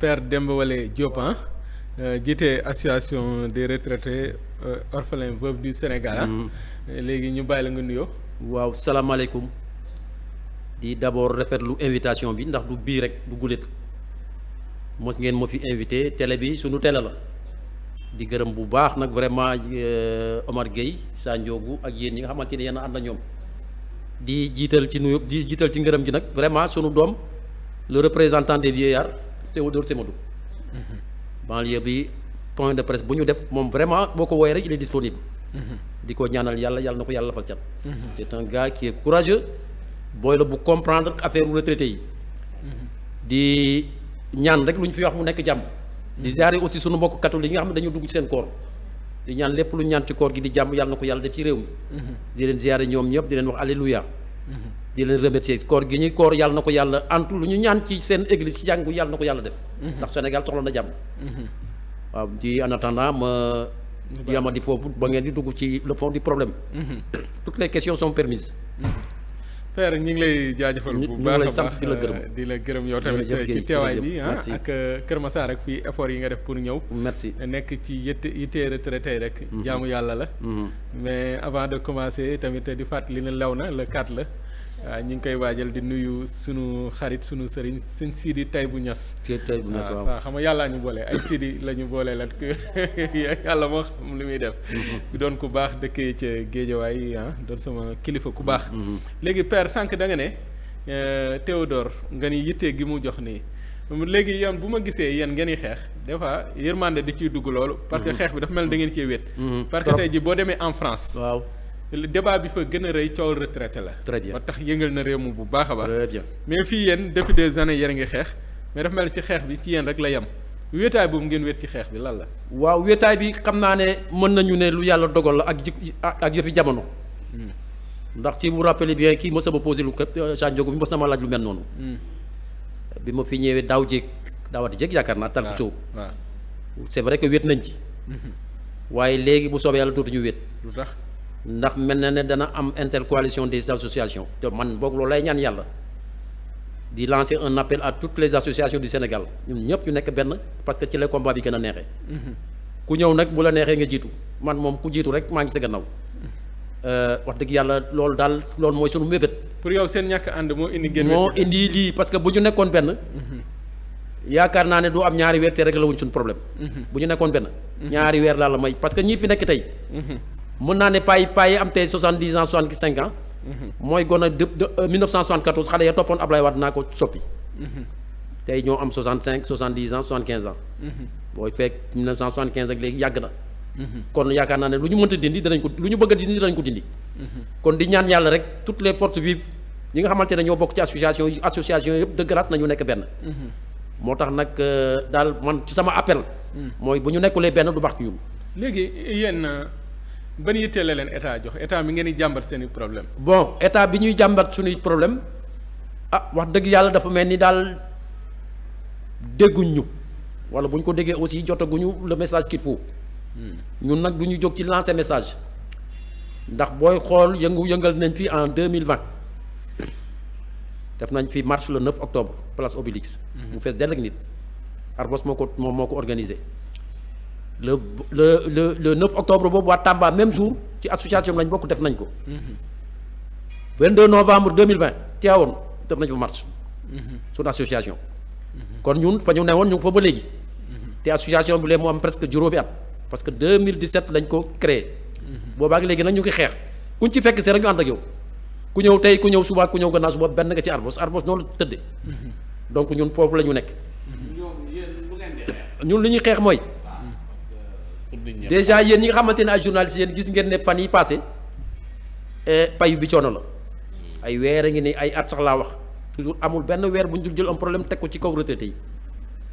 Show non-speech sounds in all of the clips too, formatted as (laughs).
Père Demba Wale Diop ah jiite association des retraités euh, orphelins veuves du Sénégal mm. léegi ñu bàyyi la nga nuyoo. waaw salaamaaleykum di d'abord rafetlu invitation bi ndax du bii rek du guléet mos ngeen ma fi invité télé bi suñu tele la di gërëm bu baax nag vraiment euh, Omar Gueye Sa Ndiogou ak yéen ñi nga xamante ne yenn a ànd na ñoom di jiital ci nuyu di jiital ci ngërëm ji nag vraiment suñu doom le représentant des vieillards Théodore Semadou. banlieue bi point de presse bu ñu def moom vraiment boo ko woowee rek il est disponible. di ko ñaanal yàlla yàlla na ko yàlla fal cat. c' est un gars qui est courageux la bu comprendre affaire retraité yi. di ñaan rek lu ñu fi wax mu nekk jàmm. di ziare aussi sunu mbokk catholique yi nga xam ne dañu dugg ci seen koor. di ñaan lépp lu ñaan ci koor gi di jàmm yàlla na ko yàlla def ci réew mi. di leen ziare ñoom ñëpp di leen wax alléluia. di leen remercier koor gi ñuy koor yàlla na ko yàlla antu lu ñu ñaan ci seen église ci jàngu yàlla na ko yàlla def. Mhm. ndax Sénégal soxla na jàmm. Mhm. waaw ci en attendant ma. yama di foofu ba ngeen di dugg ci le fond di problème. Mhm. (coughs) toutes les questions sont permises. père ñu ngi lay jaajëfal bu baax a baax di la gërëm euh, di la gërëm yow tamit ci teewaay bi ah, ak euh, Kër Massar ak fii effort yi nga def pour ñëw. merci nekk ci yitte yitte retraité rek. jaamu yàlla la. mais avant de commencer tamit di fàttali ne lew na le 4 la. waaw euh, ñu ngi koy waajal di nuyu sunu xarit sunu sëriñ sëñ Sidi Taïbu Niass. Taïbu Niass ah, waaw waaw xam nga yàllaa ñu boole ay Sidi la ñu boolee la (laughs) yàlla moo xam li muy def. Mm-hmm. doon ku baax dëkkee ca Géejawaay ah doon sama kilifa ku baax. Mm-hmm. léegi per sànq da nga ne euh, Théodore nga ni yitte gi mu jox nii. léegi yéen bu ma gisee yéen ngeen di xeex des fois yërmande da ciy dugg loolu. parce que mm-hmm. xeex bi dafa mel ni da ngeen cee wéet. parce que tey jii boo demee en France. waaw. débat bi fa gën a rëy coow retraité la. très bien ba tax yëngal na réew mi bu baax a bien mais fii yéen depuis des années yéen ngi xeex mais dafa mel ci xeex bi ci yéen rek la yem wéetaay boobu ngeen wéet ci xeex bi lan la. waaw wéetaay bi xam naa ne mën nañu ne lu yàlla dogal la ak ji ak jëfi jamono. Hmm. ndax ci vous rappelez bien kii mos a ma lu ka euh, Sa Ndiogou bi mos na laaj lu mel noonu. Hmm. bi ma fi ñëwee daaw jéeg daawati jéeg yaakaar naa. waaw waaw c' est vrai que wéet nañ ci. Hmm. waaye léegi bu soobee yàlla dootuñu wéet. lu tax ndax mel na ne dana am intercoalition des associations te man boog loolu lay ñaan yàlla di lancer un appel à toutes les associations du Sénégal ñun ñëpp ñu nekk benn parce que ci la combat bi gën a neexee. Mm-hmm. ku ñëw nag bu la neexee nga jiitu man moom ku jiitu rek maa ngi sa gannaaw mm-hmm. euh, wax dëgg yàlla loolu daal loolu mooy sunu mébét. pour yow seen ñàkk ànd moo indi. gën moo indi lii parce que bu ñu nekkoon benn. Mm-hmm. yaakaar naa ne du am ñaari weer te la wuñ suñu problème. bu ñu benn. ñaari weer la may parce que ñii fi mën naa ne pay pay am tey soixante dix ans soixante cinq ans. mooy gone de de euh, mille neuf cent soixante quatorze xale ya toppoon Ablaye Wade naa ko soppi. tey ñoo am soixante cinq soixante dix ans soixante quinze ans. booy fekk mille neuf cent soixante quinze ak léegi yàgg na. kon yaakaar naa ne lu ñu mënta dindi danañ ko lu ñu bëgg a dindi danañ ko dindi. kon di ñaan yàlla rek toutes les forces vives ñi nga xamante ne ñoo bokk ci association yi association yëpp de grâce nañu euh, mm. bu ñu nekkulee benn du baax ban yitte la leen état jox état bi ngeen di jàmbat seeni problème bon état bi ñuy jàmbat suñuy problème ah wax dëgg yàlla dafa mel ni daal dégguñ ñu wala bu ñu ko déggee aussi jotaguñu le message qu'il faut hmm. ñun nag du ñu jóg ci lancer message ndax booy xool yëngu yëngal nañ fi en deux mille vingt def nañ fi marche le 9 octobre place Obélix. Hmm. mu fees dell ak nit Arbos moo ko moom moo ko organisé. le le le le 9 octobre boobu waa Tamba même jour ci association lañ bokk def nañ ko. 22 novembre 2020 Thiawane def nañ fa marche. suñu association. kon ñun fa ñu ne woon ñu ngi fa ba léegi. te association bi léegi mu am presque juróomi at parce que 2017 lañ ko créé. boobaak léegi nag ñu ngi xeex kuñ ci fekk see rek ñu ànd ak yow ku ñëw tey ku ñëw suba ku ñëw gannaaw suba benn nga ci arbos arbos noonu la tëddee. donc ñun foofu la ñu nekk. ñun li ñu xeex mooy. déjà yéen ñi xamante ne ay journalistes yéen gis ngeen ne fan yi passé eh, payu bi coono la hmm. ay weer a ngi ne ay at sax laa wax toujours amul benn weer bu ñu dul jël un problème teg ko ci kaw retraités yi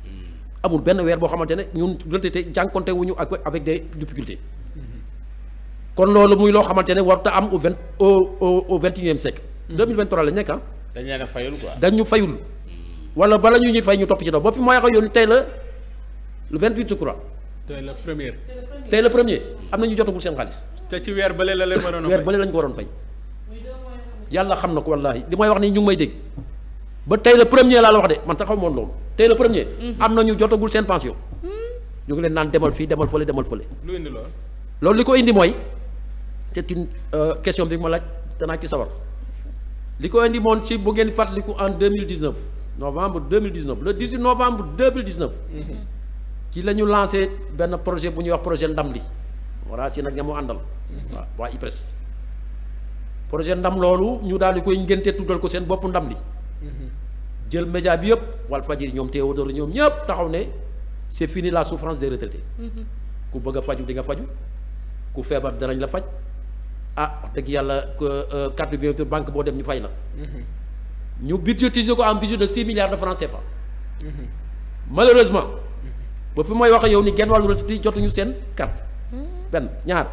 hmm. amul benn weer boo xamante ne ñun retraités jànkonte wuñu ak avec des difficultés hmm. kon loolu muy loo xamante ne warut a am au vingt au au au vingt et unième siècle. deux mille vingt trois la nekk ah. dañ leen ñu fayul. wala bala ñu ñuy fay ñu topp ci daw ba fi ma wax yoon tey la le vingt huit tey la première. tey la première am na ñu jotagul seen xaalis. te ci weer bële la leen waroon a fay weer bële lañ ko waroon fay. yàlla xam na ko wallaahi li may wax nii ñu ngi may dégg ba tey la premier laa la wax de man sax xaw moon loolu tey la premier. Mhm. am na ñu jotagul seen pension. Hmm? ñu ngi leen naan demal fii demal fële demal fële. lu indi loolu. loolu li ko indi mooy te une euh, question bi ma laaj naa ci sawar li ko indi moon ci bu ngeen fàttaliku en deux mille dix ci la ñu lancé benn projet bu ñuy wax projet ndam li voilà si nag ña mu àndal. waaw waa IPRES. projet ndam loolu ñu daal di koy ngénte tuddal ko seen boppu ndam li. jël média bi yëpp Walfadjri ñoom Théodore ñoom ñëpp taxaw ne c'est fini la souffrance des retraités. ku bëgg a faju di faju ku feebar danañ la faj ah wax dëgg yàlla euh, carte de bienfaiteur banque boo dem ñu fay la. ñu budgétiser ko en budget de six milliards de francs CFA. Mhm. malheureusement. ba fi mooy wax yow ni genn wàllu retraité jotuñu seen carte benn ñaar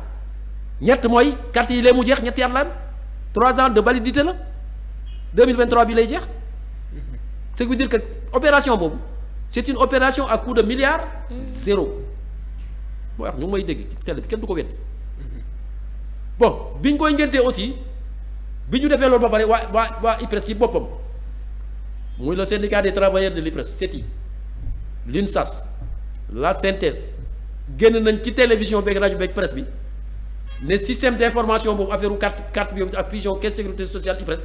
ñett mooy carte yi lee mu jeex ñetti at la trois ans de validité la deux mille vingt trois bi lay jeex ce qui veut dire que opération boobu c'est une opération à coût de milliards zéro mooy wax ñu may dégg ci bi kenn du ko weddi bon bi ñu koy ngéntee aussi bi ñu defee loolu ba pare waa waa waa IPRES ci boppam muy le syndicat des travailleurs de l'IPRES CETI sas la synthèse génn nañ ci télévision beeg rajo beeg presse bi ne système d'information boobu affaire carte carte biométrique ak fusion caisse sécurité sociale IPRES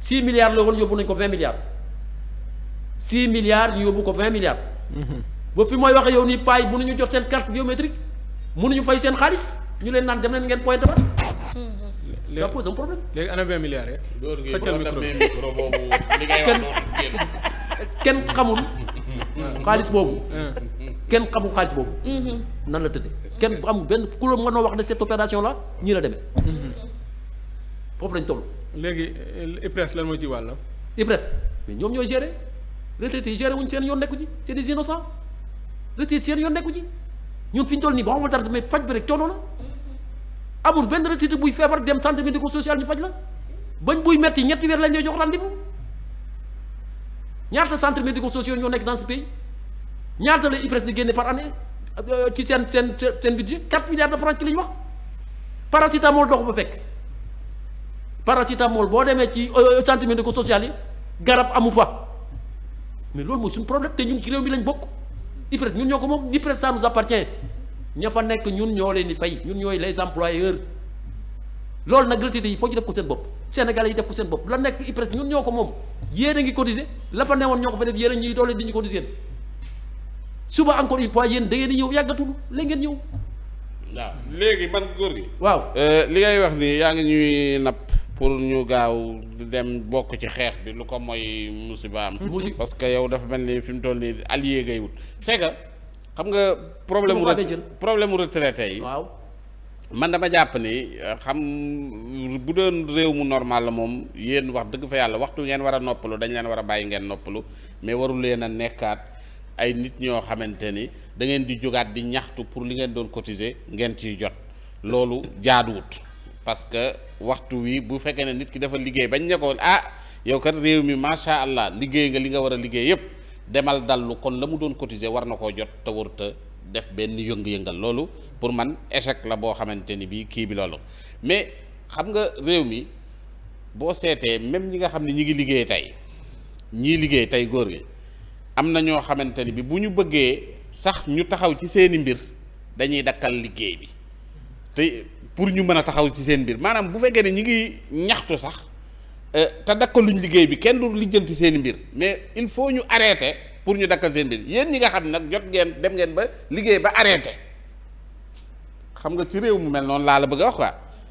6 milliards la woon yóbbu nañ ko 20 milliards 6 milliards ñu yóbbu ko 20 milliards. Mhm. ba fi mooy waxe yow nii paa yi mënuñu jox seen carte biométrique ñu fay seen xaalis ñu leen naan dem leen ngeen pointé ba. léegi mhm. ça pose un problème. léegi ana 20 milliards rek. xëccal micro kenn xamul. xaalis boobu kenn xamul xaalis boobu mm-hmm. nan la tëddee kenn am benn kuloom nga noo wax ne cette opération la ñii la demee mm-hmm. foofu lañ toll léegi euh, IPRES lan moo ci wàllam IPRES mais ñoom ñooy gérer retraités yi gérer seen yoon nekku ci c'est des innocents retraités seen yoon nekku ci ñun fi ñu toll nii ba xamul dara mais faj bi rek coono la mm-hmm. amul benn retraité buy feebar dem centre médico social ñu faj la bañ buy metti ñetti weer lañ lay jox rendez-vous ñaata centres médico sociaux ñoo nekk dans ce pays ñaata la IPRES di génne par année euh, ci seen seen seen budget 4 milliards de francs ci li ñu wax paracétamol dox ba fekk paracétamol boo demee ci euh, centre médico sociale yi garab amu fa mais loolu mooy suñu problème te ñun ci réew mi lañ bokk IPRES ñun ñoo ko moom IPRES ça nous appartient ña fa nekk ñun ñoo leen di fay ñun ñooy les employeurs loolu nag retraités yi foo ci def ko seen bopp sénégalais yi def ko seen bopp la nekk IPRES ñun ñoo ko moom. yéen a ngi cotiser la fa newoon ñoo ko fa def yéen a ñuy doole di ñu cotiser suba encore une fois yéen da ngeen di ñëw yàggatul la ngeen ñëw. waaw léegi man góor gi. waaw euh, li ngay wax ni yaa ngi ñuy napp pour ñu gaaw dem bokk ci xeex bi lu ko mooy musibaam. parce que yow dafa mel ni fi mu toll nii allié ngay wut c'est que xam nga problème mu problème mu retraité yi waaw. man dama jàpp ni euh, xam bu doon réew mu normal la moom yéen wax dëgg fa yàlla waxtu ngeen war a noppalu dañ leen war a bàyyi ngeen noppalu mais warul leen a nekkaat ay nit ñoo xamante ni da ngeen di jógaat di ñaxtu pour li ngeen doon cotiser ngeen ciy jot loolu jaaduwut parce que waxtu wi bu fekkee ne nit ki dafa liggéey bañ ne ko ah yow kat réew mi macha allah liggéey nga li nga war a liggéey yëpp demal dallu kon la mu doon cotiser war na koo jot te def benn yëngu-yëngal loolu pour man échec la boo xamante ni bii kii bi loolu mais xam nga réew mi boo seetee même ñi nga xam ne ñi ngi liggéey tey ñii liggéey tey góor gi am na ñoo xamante ni bi bu ñu bëggee sax ñu taxaw ci seeni mbir dañuy dakkal liggéey bi te pour ñu mën a taxaw ci seen mbir maanaam bu fekkee ne ñi ngi ñaxtu sax euh, te dakkaluñ liggéey bi kenn du lijjanti seeni mbir mais il faut ñu arrêter. pour ñu dakkal seen mbir yéen ñi nga xam nag jot ngeen dem ngeen ba liggéey ba arrêté xam nga ci réew mu mel noonu laa la bëgg a wax quoi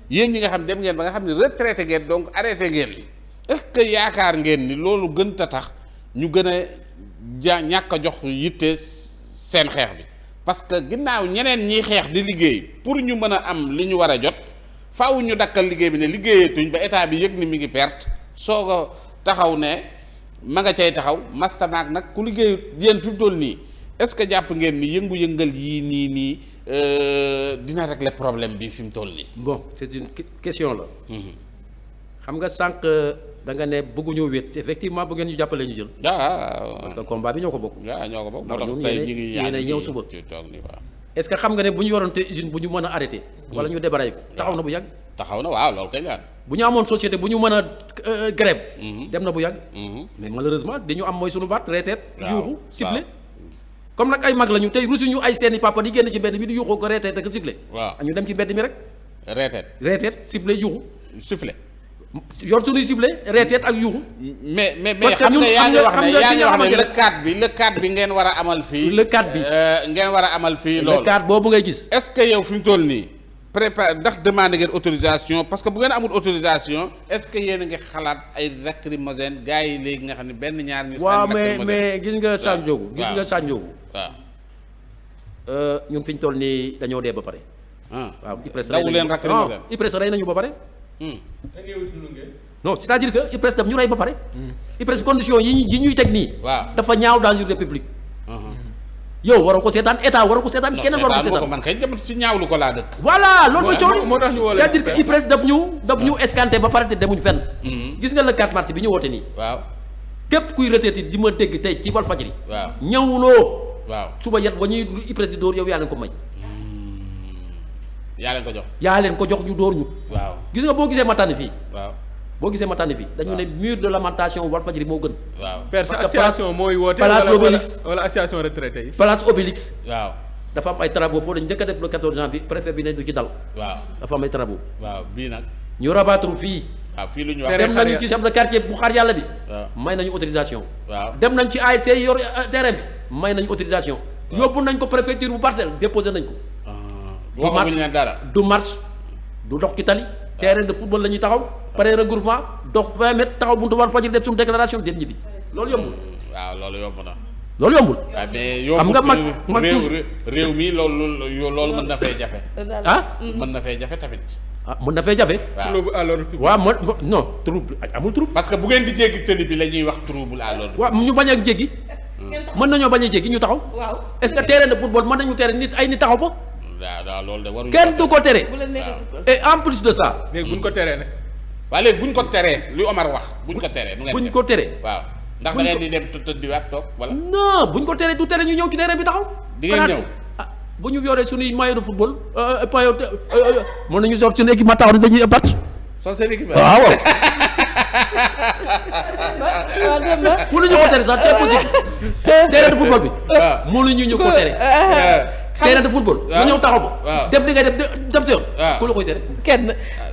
yéen ñi nga xam dem ngeen ba nga xam ne retraité ngeen donc arrêté ngeen li est-ce que yaakaar ngeen ni loolu gën ta tax ñu gën a ja ñàkk a jox yitte seen xeex bi parce que ginnaaw ñeneen ñiy xeex di liggéey pour ñu mën a am li ñu war a jot faaw ñu dakkal liggéey bi ne liggéeyatuñ ba état bi yëg ni mi ngi perte soog a taxaw ne. ma nga cay taxaw masta naag nag ku liggéeyut yéen fi mu toll nii est-ce que jàpp ngeen ni yëngu-yëngal yii nii nii euh, dina régler problème bi fi mu toll nii. bon c'est une question la. Mhm. xam nga sànq da nga ne bëgguñoo wéet effectivement bu ngeen ñu jàppalee ñu jël. waaw ah, ah, ah, parce que combat bi ñoo ko bokk. waaw ñoo ko bokk moo tax tey ñu ngi yéen a ñëw suba. est-ce que xam nga ne bu ñu yoroon te usine bu ñu mën a arrêté. wala mhm. ñu débarré ko taxaw na bu yàg taxaw na waaw loolu kay la bu ñu amoon société bu ñu mën a euh, grève mhm. dem na bu yàgg mhm. mais malheureusement dañu am mooy suñu baat reeteet yuuxu sifflé comme nag ay mag lañu tey rusu ñu ay seeni papa di génn ci mbedd mi di yuuxoo ko reeteet ak sifflé waaw ah, ñu dem ci mbedd mi rek reeteet reeteet sifflé yuuxu sifflé yoon suñuy ciblé reeteet ak yuuxu. mais mais mais xam nga yaa ngi wax yaa ngi wax ne lëkkaat bi lëkkaat bi ngeen war a amal fii. lëkkaat bi euh, ngeen war a amal fii. loolu lëkkaat boobu ngay gis. est-ce que yow fi mu toll nii. prépare ndax demande ngeen autorisation parce que bu ngeen amul autorisation est-ce que yéen a ngi xalaat ay lacrymogène gars yi léegi nga xam ne benn ñaar ñu. waaw mais mais gis nga Sa Ndiogou. gis nga Sa Ndiogou. waaw. Euh, ñun fi ñu toll nii dañoo dee ba pare. Ah. waaw IPRES rey nañu non rey nañu ba pare. Hmm. non c'est-à-dire que IPRES ñu rey ba pare. IPRES condition yi ñuy yi ñuy teg nii. waaw dafa ñaaw dans une république. yow waroo ko seetaan état waroo ko seetaan. keneen waroo ko seetaan man kay jëm ci ñaawlu ko laa moo tax ñu woo c'est-à-dire que daf ñu daf ñu escanté ba pare te fenn. Mhm. gis nga le 4 mars bi ñu woote nii. waaw képp kuy retraité di ma dégg tey ci Walfadjri. waaw ñëwuloo. waaw suba yat ba ñuy IPRES di dóor yow yaa leen ko may. Hmm. yaa leen ko jox. yaa leen ko jox ñu dóor ñu. waaw gis nga boo gisee ma fii. waaw. boo gisee ma bi fii dañu ne mur de lamentation Walfadjri moo gën. waaw parce que association mooy woote. wala wala waaw dafa am ay travaux foofu dañu njëkk a def le 14 janvier préfet bi ne du ci dal. waaw dafa am ay travaux. waaw bii nag. ñu rabattre fii. waaw fii lu ñu wax dem nañu ci chef euh, de bi. may nañu autorisation. waaw dem nañ ci ASC yor terrain bi. may nañu autorisation. yóbbu nañ ko préfecture bu parcelle déposé nañ ko. Ah. du marche du marche du dox ci tali. terrain de football la ñuy taxaw pare regroupement dox vingt mètres taxaw buntu war fajiri def suñu déclaration dem ñibbi loolu yombul. waaw loolu yomb na. loolu yombul. xam nga mag mag réew réew mi loolu loolu mën na fay jafe. ah mën na fay jafe tamit. ah mën na fay jafe. trouble à l'ordre public. waaw man non trouble amul trouble. parce que bu ngeen di jéggi tëli bi la ñuy wax trouble à waaw ñu bañ a jéggi. Hmm. mën nañoo bañ a jéggi ñu taxaw. waaw est-ce que terrain de football mën nañu tere nit ay nit taxaw fa. waaw waaw loolu de waruñu. kenn du ko tere. bu waaw léegi bu ñu ko teree li Omar wax bu ñu ko teree. bu ñu ko teree waaw. ndax da ngeen di dem tëddiwaat toog wala. non bu ñu ko teree du teree ñu ñëw ci terrain bi taxaw. di ngeen ah, ñu yoree suñuy maillot de football euh, euh, maillot euh, mën nañu sort suñu équipement taxaw dañuy battre. soo seen équipement ah, waaw waaw. waaw dem na. mënuñu ko tere sax c'est possible. (laughs) terrain de football bi. waaw ah. mënuñu ñu ko tere. terrain de football. waaw ñëw taxaw ko. def li ngay def dem ku la koy tere. kenn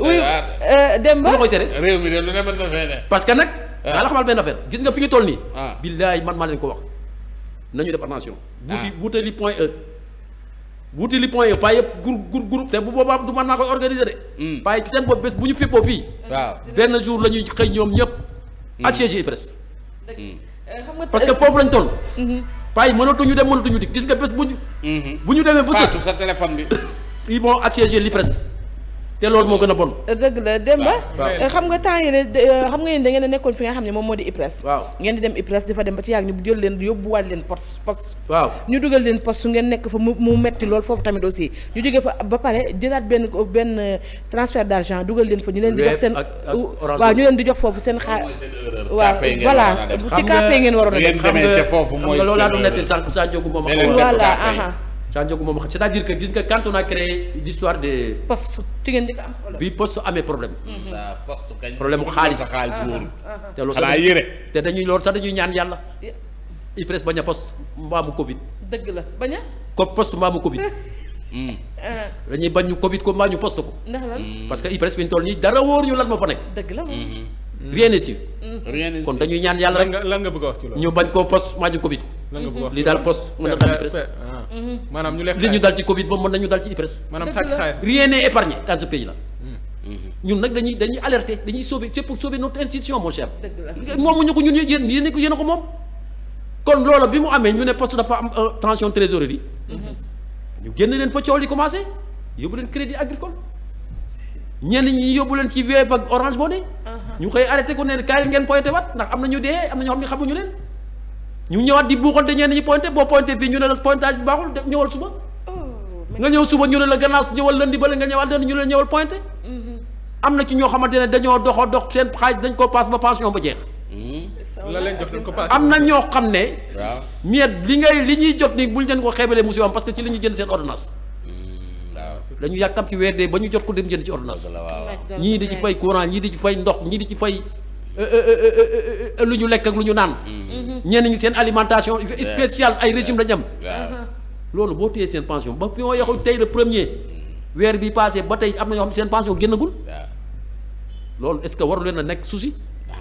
wuyu ah, ah, euh, Demba ku koy tere. réew de lu ne mën parce que nag. waaw ah. la xamal benn affaire gis nga fi ñu toll nii. waaw billaay man maa leen ko wax. nañu def attention. waaw wuti wutali point E. wuti li point yooyu e. pas yëpp groupe groupe groupe te bu boobaa du man maa koy organiser de. Hmm. pas ci seen bopp bés bu ñu féppoo fii. waaw benn jour la ñuy xëy ñoom ñëpp. ak hmm. CGI presse. Hmm. Euh, parce que foofu lañ toll. Mm-hmm. paa yi mënatuñu dem mënatuñu dikk gis nga bés bu ñu. Mhm. bu ñu demee ba. sa téléphone bi. (coughs) ils vont assiéger l'IPRES te loolu moo gën a bon. dëgg la Demba. xam nga temps yii xam nga yéen da ngeen a nekkoon fi nga xam ne moom moo di IPRES. waaw ngeen di dem IPRES di fa dem ba ci yàgg ñu jël leen yóbbuwaat leen ngeen nekk fa mu metti lool foofu tamit aussi ñu jógee fa ba pare jëlaat benn benn transfert d' argent dugal leen fa. ñu leen di jox seen waaw ñu leen di jox foofu seen xaar. waaw voilà ci KAPA ngeen waroon a dem. xam nga xam nga loolaa du nekk sànq Sadio Gouma ma ko. voilà Sa Ndiogou moom xam c'est-à-dire que gis nga quand on a créé l'histoire des. postes diggante nga am problème amee problème. Mhm. problème mu xaalis ah, ah, ah, te loolu sax dañuy ñaan yàlla. IPRES bañ a poste bañ a. ko poste mbaamu Covid. (laughs) Hmm. dañuy bañ ñu Covid ko mbaa ñu poste ko. Hmm. parce que IPRES fi ñu toll nii dara wóor ñu lan moo fa nekk. dëgg la hmm. rien n'est sûr. rien n'est sûr kon dañuy ñaan yàlla rek. a ñu bañ koo poste mbaa ñu Covid ko. a wax li daal poste mën na xam IPRES. Mm-hmm. maanaam ñu lekk li ñu dal ci Covid ba mën nañu dal ci IPRES. maanaam sàcc xaalis rien n'est épargné mm-hmm. ñun nag dañuy dañuy alerter dañuy sauver c'est pour sauver notre institution mon moom mu ñu ko ñun yéen ko moom. kon loola bi mu amee ñu ne poste dafa am euh, tension trésorerie mm-hmm. ñu génn leen fa coow li commencé yóbbu leen crédit agricole. ñenn ñi yóbbu leen ci Wave ak Orange Money. Uh-huh. ñu xëy arrêté ko ne kaay ngeen pointé wat ndax am na ñu dee am na ñoo xam ne xamuñu leen. ñu ñëwaat di buuxante ñenn ñi pointé boo pointé fii ñu ne la pointage bi baaxul def ñëwal suba. Oh, nga ñëw suba ñu ne la gannaaw ñëwal lëndi bale nga ñu ne la mm-hmm. am na ci ñoo xamante ne dañoo doxoo dox seen dañ koo paas ba ba jeex. Mm-hmm. la leen am na ñoo xam ne. waaw miet li li ñuy jot ni buñ leen ko xeebalee musibaam parce que ci la ñuy jënd seen ordonnance. dañu mm-hmm. yàkkam ci weer dee ba ñu jot ko dem jënd ci ordonnance ñii di ci fay courant ñii di ci fay ndox ñii di ci fay Euh, euh, euh, lu ñu lekk ak lu ñu naan. Mhm. ñenn ñi seen alimentation spéciale ay régime lañ am. Mhm. loolu boo téyee seen pension ba fi ma yoxu tey le premier mhm. weer bi passé ba tey am na ñoo xam seen pension génnagul. loolu est-ce que waru leen a nekk souci. Ah,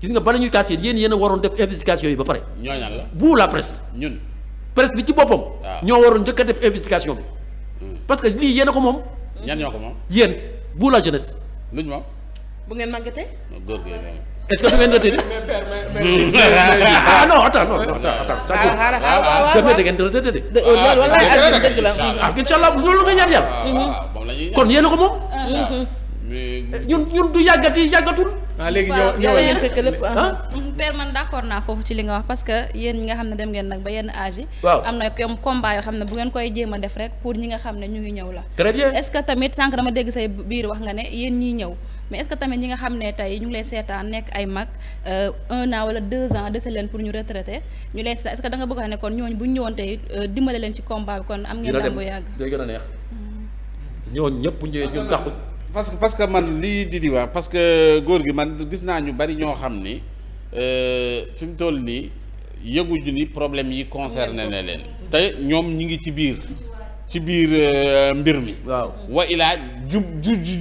gis nga bala ñuy kaas yéen yéen a waroon def investigation yi ba pare. ñooñu la bu la presse. ñun presse bi ci boppam. Ah. ñoo waroon njëkk a def investigation bi. Hmm. parce que lii yéen ko moom. ñan ñoo ko moom. yéen bu la jeunesse. luñ moom. bu ngeen màggatee. est-ce que du ngeen retiré. ah non attends non non attends. ah, ah, ah, ah loolu nga ñaan yàlla. kon yéen a ko moom. Mm-hmm. ñun ñun du yàggati yàggatul. ah léegi ñëw fekk lépp mm-hmm. père man d'accord naa foofu ci li nga wax parce que yéen ñi nga xam ne dem ngeen nag ba yenn âge yi waaw am na comme combat yoo xam ne bu ngeen koy jéem a def rek pour ñi nga xam ne ñu ngi ñëw la. très bien est-ce que tamit sànq dama dégg say biir wax nga ne yéen ñii ñëw mais est-ce tamit ñi nga xam ne tey ñu ngi lay seetaan nekk ay mag euh, un an wala deux ans dese leen pour ñu retraité ñu lay seetaan est-ce que bëgg xam ne kon ñooñu bu ñu tey euh, dimbale leen ci combat bi kon am ngeen daan bu yàgg day gën a neex ñooñu ñëpp ñëwee ñun taxut parce que parce que man lii di di wax que góor gi man gis naa ñu bari ñoo xam ni euh, fi mu toll nii yëguñu ni problème yi concerné na leen te ñoom ñu ngi ci biir ci biir euh, mbir mi. waaw wa ilaa jub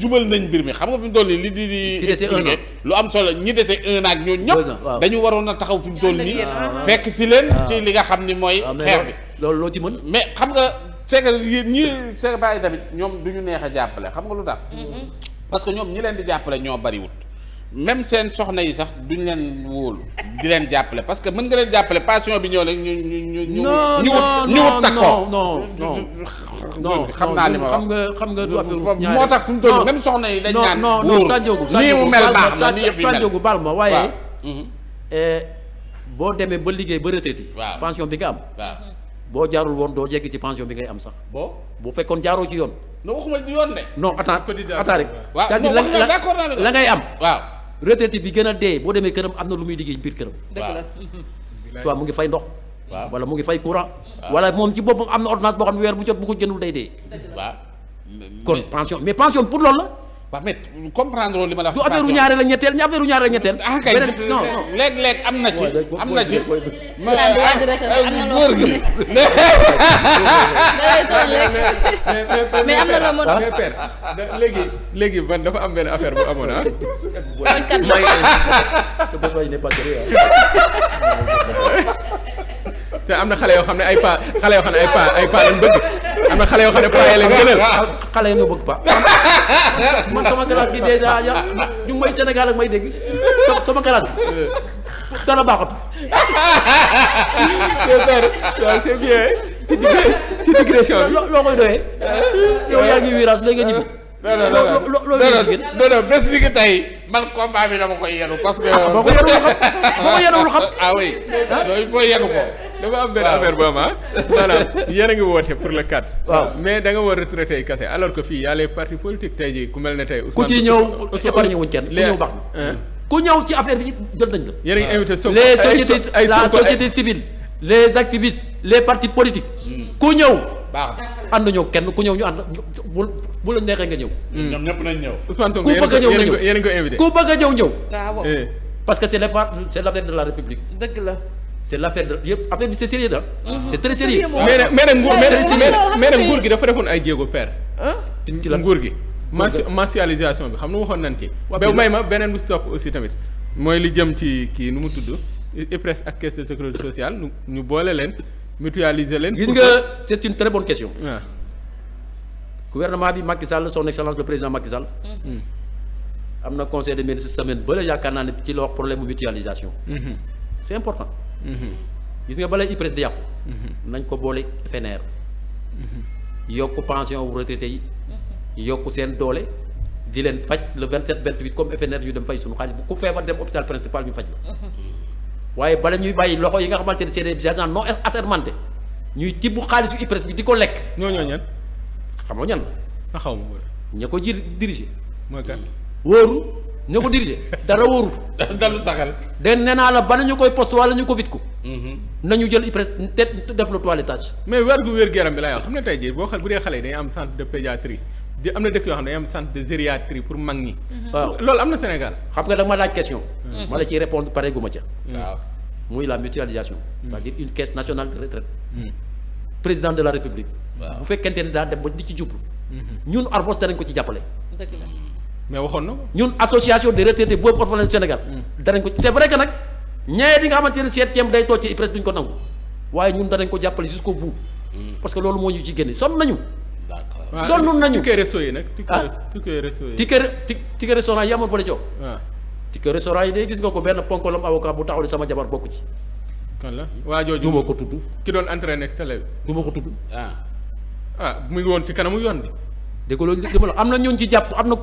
jubal nañ mbir mi xam nga fi mu toll nii li di di. expliqué lu am solo ñi dese un ak ñoo ñëpp. dañu waroon a taxaw fi mu toll nii. fekk si leen. Ah. ci li nga xam ni mooy. Ah, xeex bi loolu loo ci mën. mais xam nga c'est que ñi c'est que bàyyi tamit ñoom du ñu neex a jàppale xam nga lu tax. Mm-hmm. parce que ñoom ñi leen di jàppale ñoo bariwut. même seen soxna yi sax du ñu leen wóolu di leen jàppale parce que mën nga leen jàppale passion bi ñoo rek ñu ñu ñu ñu. ñu wut ñu wut takkoo non non xam naa li ma wax xam nga moo tax fu mu toll même soxna yi dañ naan. non non nii mu mel baax na nii yëf yi mel mm-hmm. eh, boo demee ba liggéey ba retraité. waaw pension bi nga am. boo jaarul woon doo jéggi ci pension bi ngay am sax. boo bu fekkoon jaaroo ci yoon. non waxuma yoon de. non attends attends rek. la ngay am waaw. retraité bi gën a dee boo demee këram am na lu muy liggéey biir këram. dëgg la (laughs) soit mu ngi fay ndox. wala mu ngi fay courant. wala moom ci boppam am na ordonnance boo xam ne weer bu jot bu ko jëndul day dee. kon pension mais pension pour loolu la. waa mais comprendre li ma la wax. du affaire u ñaare la ñetteel ña affaire u ñaare la ñetteel. ah kay non léeg-léeg am na ci. am na ci ma ah, ah, góor gi. (laughs) mais am na loo mën a. père léegi léegi man dafa am benn affaire bu amoon ah. mooy kat mooy. te am na xale yoo xam ne ay pa xale yoo xam ne ay pa ay pa lañ bëgg am na xale yoo xam ne pa leen gënal xale yi nga bëgg pa man sama classe bi dèjà ya ñu may Sénégal ak may dégg sama classe bi dara baaxut waaw c'est bien ci digre loo koy doyee yow yaa ngi virage léegi nga ñibbi non non non non non non man combat bi dama koy yenu parce que. Ah, boo ko yenuwul xam boo ko yenuwul xam. ah oui yenu ko. dafa am benn affaire bu maanaam yéen a ngi woote pour le cadre. waaw mais da nga war retraité yi kase alors que fii y a les partis politiques tey jii ku mel ne tey. ku ci ñëw épargne wuñ kenn ku ñëw ci affaire bi jot nañ la. yéen a ngi invité Sonko les sociétés la société civile les activistes les partis politiques. Hmm. ku ñëw. baax na ànduñoo kenn ku ñëw ñu ànd bu bu la neexee nga ñëw. Hmm. ñoom ñëpp a ko ku bëgg ñëw ñëw. Ah, waaw eh. parce que c' est l' c' est l' affaire de la république. dëgg la. c' est l' de yëpp affaire bi c' est sérieux da c' est très nguur mais nguur gi dafa defoon ay jéego père. ci la nguur gi. martialisation bi xam nga waxoon nañ ci. waaw may ma beneen bu topp aussi tamit mooy li jëm ci kii nu mu tudd IPRES ak caisse de social sociale ñu boole leen mutualiser leen. gis nga c' une très bonne question. Ouais. bi Macky Sall son excellence le président Macky mm-hmm. am na conseil de ministres semaine ba la yaakaar naa ne ci la wax problème mutualisation. Mm-hmm. c' est important. Mm-hmm. gis nga balay IPRES di yàqu. nañ ko boole FNR. yokk pension wu retraité yi. yokk seen doole. di leen faj le 27 28 comme FNR ñu dem fay suñu xaalis bu ku feebar dem hôpital principal ñu faj la. waaye bala ñuy bàyyi loxo yi nga xamante ne c'est des agents non assermentés ñuy tibb xaalisu IPRES bi di ko lekk. ñooñoo ñan. xamoo ñan la. Ah, xaw ma ña ko ji diriger. mooy kan wóoru ña ko diriger (laughs) dara wóoru. dalu saxal. de nee naa la bala ñu koy poste wala ñu ko bit ko. Mm-hmm. nañu jël IPRES te def le toilettage. mais wér gu wér-gu-yaram bi laa yoo xam ne tey boo xam bu dee xale yi dañuy am centre de pédiatrie. di am na dëkk yoo xam ne am centre de gériatrie pour mag ñi. Mhm. waaw loolu am na Sénégal. xam nga da ma laaj question. Mhm. ma la ciy répondre pare gu ma ca. Mhm. muy la mutualisation. c'est-à-dire une caisse nationale de retraite. président de la république. bu fekkente ne daa dem ba di ci jublu. ñun arbos danañ ko ci jàppale. dëgg la mais waxoon na. ñun association des retraités boobu orphelin du Sénégal. danañ ko c'est vrai que nag ñaareel yi nga xamante ne septième day toog ci presque duñ ko nangu waaye ko jàppale jusqu'au bout. parce que loolu moo ñu ci génne sonn nañu. sonn nañu. ticket resto yi nag. ah ticket resto yi. ticket restaurant yi amoon fële coow. waaw ticket restaurant yi de gis nga ko benn ponkolom avocat bu taxaw sama jabar bokku ci. kan la waa jooju du ko tudd. ki doon entre ak télé bi. du ma ko tudd. ah ah mu ngi woon ci kanamu yoon bi. dégg nga loolu am na ñooñu ci jàpp am na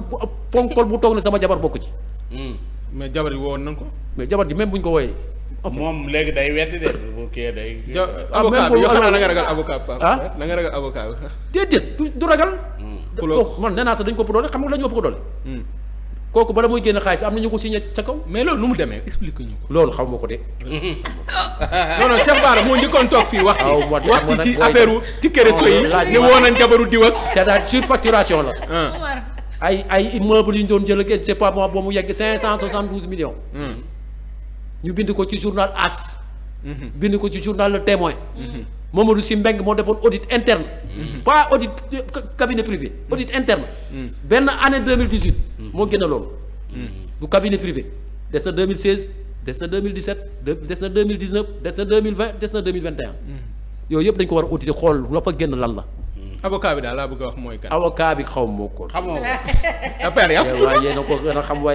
ponkol bu toog ne sama jabar bokk ci. Hmm. mais jabar ji woon nañ ko. mais jabar ji même bu ñu ko wooyee. moom léegi day weddi de bu kii day. ja avocat ah, bi yoo xam ne nga ragal avocat bi. ah da nga ragal avocat bi. déedéet du ragal. kooku hmm. oh, man nee sax dañ ko ëpp doole xam nga ko ëpp doole. Hmm. kooku bala muy génn xaalis am na ñu ko signé ca kaw. mais loolu lu mu demee explique ñu ko. loolu xaw nga ko de. (laughs) non non Cheikh Bara moo njëkkoon toog fii wax. waaw moo wax ci affaire ticket resto nañ jabaru diw ak. cest à la. Ah. ay ay immeuble yu ñu doon jël ak c'est pas bon mu yegg cinq cent soixante douze millions. Hmm. ñu bind ko ci journal As. Hmm. bind ko ci journal Le a hmm. Mamadou Sy Mbengue moo defoon audit interne. pas audit cabinet privé audit interne. benn année deux mille dix huit. moo gën a loolu. du cabinet privé des na deux mille seize des na deux mille dix sept des na deux mille vingt des na deux mille vingt et un. yooyu yëpp dañ ko war a auditer xool la fa génn lan la. avocat bi daal laa bëgg a wax mooy kan. avocat bi xaw ma ko. xamoo ko. père yow. waaye yéen a ko gën a ma ko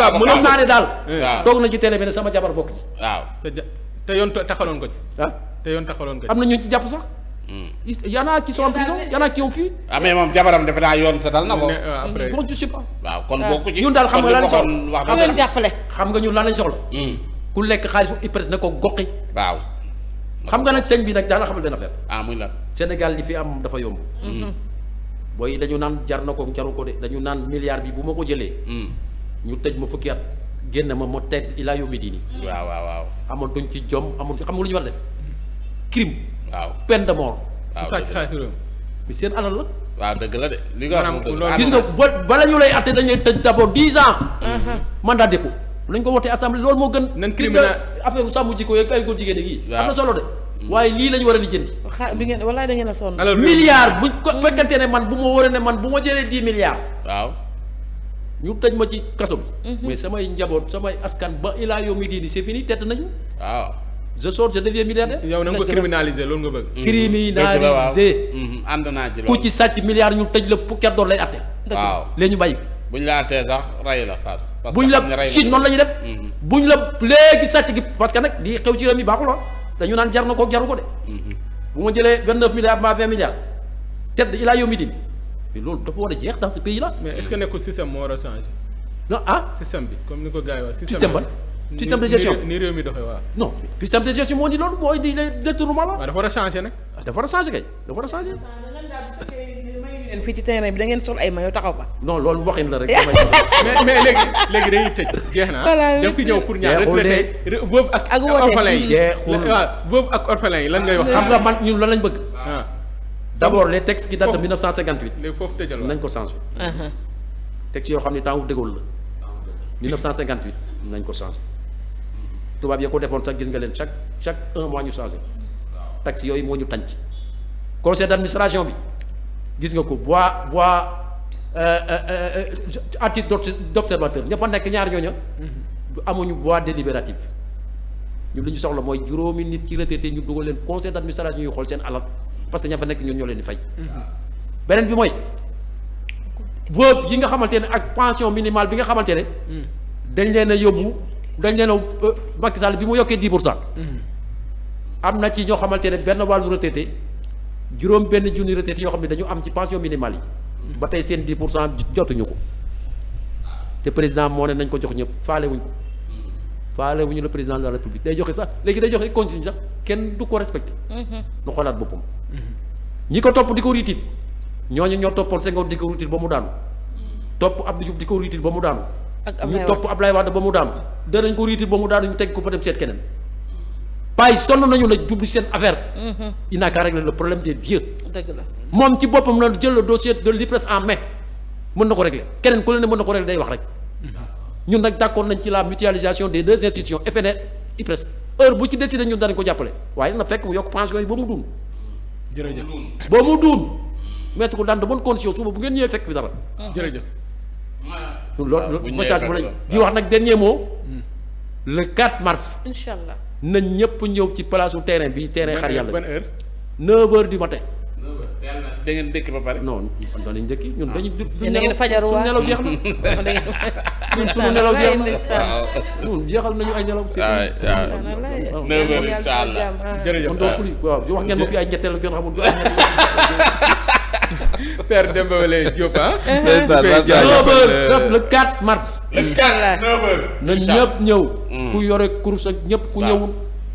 ah, eh. na ci télé sama jabar bokk ci. waaw te ko ci. ah te yoon taxaloon ko am na ñu ci jàpp sax. Hmm. y a qui sont a qui ont fui. Ah, moom jabaram defe naa yoon setal na ko. Euh, après bon je sais pas. waaw kon ah. bokku ci ñun daal xam nga lan lañ soxla. xam nga ñun lan lañ soxla. Hmm. ku lekk xaalisu IPRES na ko goqi. waaw xam nga nag sëñ bi nag daana xamal benn affaire. ah muy lan Sénégal li fi am dafa yomb. Mm-hmm. booy dañu naan jar na ko jaru ko de dañu naan milliard bi bu ma ko jëlee. Mm. ñu tëj ma fukki at génn ma ma teg ilaa yombi diini. Mm. waaw waaw waaw. amoon duñ ci jom amoon ci xam nga lu ñu war def. crime. waaw peine de mort. waaw mais seen alal la. waaw dëgg la de. li nga gis nga bala ñu lay atte dañ lay tëj d'abord dix ans. Mm-hmm. mandat dépôt. nañ ko wootee assemblée loolu moo gën. nañ criminal affaire sàmm jikko yeeg ay góor jigéen ak yi. am na solo de. Mm. waaye lii lañ war a lijjanti. xa bi ngeen walaay da ngeen a sonn. alors milliard buñ ko mm. fekkante man bu ma waree ne man bu ma jëlee dix milliards. waaw. ñu tëj ma ci kaso bi. Mm-hmm. mais samay njaboot samay askan ba ilaa yow mi diini c'est fini tedd nañu. waaw. je sors je deviens milliardaire. yow na nga ko criminaliser loolu nga bëgg. Mm-hmm. criminaliser. Mm-hmm. ànd naa ci loolu ku ci sàcc milliards ñu tëj la fukki at lay atte. waaw léegi ñu bàyyi. bu ñu la attee sax rey la faatu. buñ la Chine noonu la def mm-hmm. buñ la léegi sàcc gi parce que nag di xew ci réew mi baaxuloon ah. dañu naan jar na ko jaru ko de mm-hmm. bu ma jëlee milliards mbaa milliards tedd i laa yow mitin mais loolu dafa war a jeex dans ce pays là mais a ah. bi comme ni ko de gestion ni réew mi doxee non système de gestion moo di loolu mooy détournement la ah, dafa war a changé nag dafa war a changé kay dafa war a changé ñu fii ci terrain bi da ngeen sol ay maillot taxaw fa. no loolu waxin la rek. (laughs) mais mais léegi léegi dañuy tëj. jeex na daf ki ñëw pour ñaar retraité boobu ak. ak woote orphelin yi waaw boobu ak orphelin yi lan ngay xam nga man ñun lan lañ bëgg. waaw ah. d' abord les textes qui datent de 1958. léegi foofu tëjal nañ ko changé. Uh-huh. textes yoo xam ne temps wu dëggoon la. 1958 nañ ko changé. tubaab ya ko defoon sax gis nga leen chaque chaque un mois ñu changé. waaw textes yooyu moo ñu tànc conseil d' administration bi. gis nga ko bois bois à euh, euh, euh, titre d' observateur ña fa nekk ñaar ñooña mhm. amuñu bois délibératif ñu li ñu soxla mooy juróomi nit ci retraité ñu dugal leen conseil d' administration yu xool seen alal parce que ña fa nekk ñoo leen di mhm. ah. beneen bi mooy veuve yi nga xamante ne ak pension minimale bi nga xamante ne. Mhm. dañ leen a yóbbu dañ leen a Macky Sall bi mu yokkee 10 pour cent. am na ci ñoo xamante ne benn wàllu retraité. juróom benn junni retraité yoo xam ne dañu am ci pension minimale yi ba tey seen 10 pour cent jotuñu ko te président moo ne nañ ko jox ñëpp faale wuñ ko wuñu le président de la république day joxe sax léegi day joxe consigne sax kenn du ko respecté nu mm-hmm. xoolaat boppam mm-hmm. ñi ko topp di ko ñoo ñooñu ñoo toppoon Senghor di ko riitit ba mu daanu mm-hmm. topp Abdou Diouf di ko riitit ba mu daanu ñu topp Ablaye Wade ba mu daanu danañ ko riitit ba mu daanu ñu teg ko fa dem seet keneen paa yi sonn nañu nag jublu seen affaire. Mhm. il n'a qu'à régler le problème des vieux. dëgg la moom ci boppam la jël le dossier de l'IPRES en main mën na ko régler keneen ku leen ne mën na ko régler day wax rek mhm. ñun nag d'accord nañ ci la mutualisation des deux institutions FNR IPRES heure bu ci décidé ñun danañ ko jàppale waaye na fekk mu yokk pension yi ba mu duun. jërëjëf ba mu duun mettre ko dans de bonnes conditions suba bu ngeen ñëwee fekk bi dara. Mhm. jërëjëf. loolu ah, message bu la di wax nag dernier mot. Hmm. le 4 mars. incha allah. nañ ñëpp ñëw ci place terrain bi terrain xar yàlla. ban heure 9h du matin. 9h da ngeen dëkk ba pare. non doon nañ dëkki ñun dañu. da ngeen fajaru waa suñu nelaw jeex na. ñun suñu nelaw jeex na ñun jeexal nañu ay nelaw. waaw waaw 9h incha allah jërëjëf waaw wax ngeen ma fi ay ñetteel ak yoon xamul. père Demba Wale Diop (laughs) ah. le 4 mars. le 4 na ñëpp ñëw. Mm. ku yore course ak ñëpp ku ñëwul.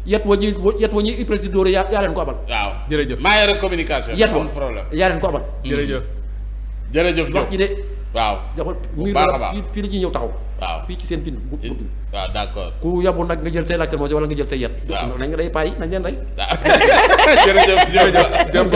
yet wa ñuy yet wa ñuy Ibrahima Dóor yaa yaa leen ko abal. waaw jërëjëf maa yore communication. wa yaa leen ko abal. Mm. jërëjëf. jërëjëf Diop wax ji de. waaw bu baax a baax fii fii la ñuy ñëw taxaw. waaw fii ci seen nga jël say lacrymogène wala nga jël say yet. waaw nañ nga day paay nañ leen rey. (laughs)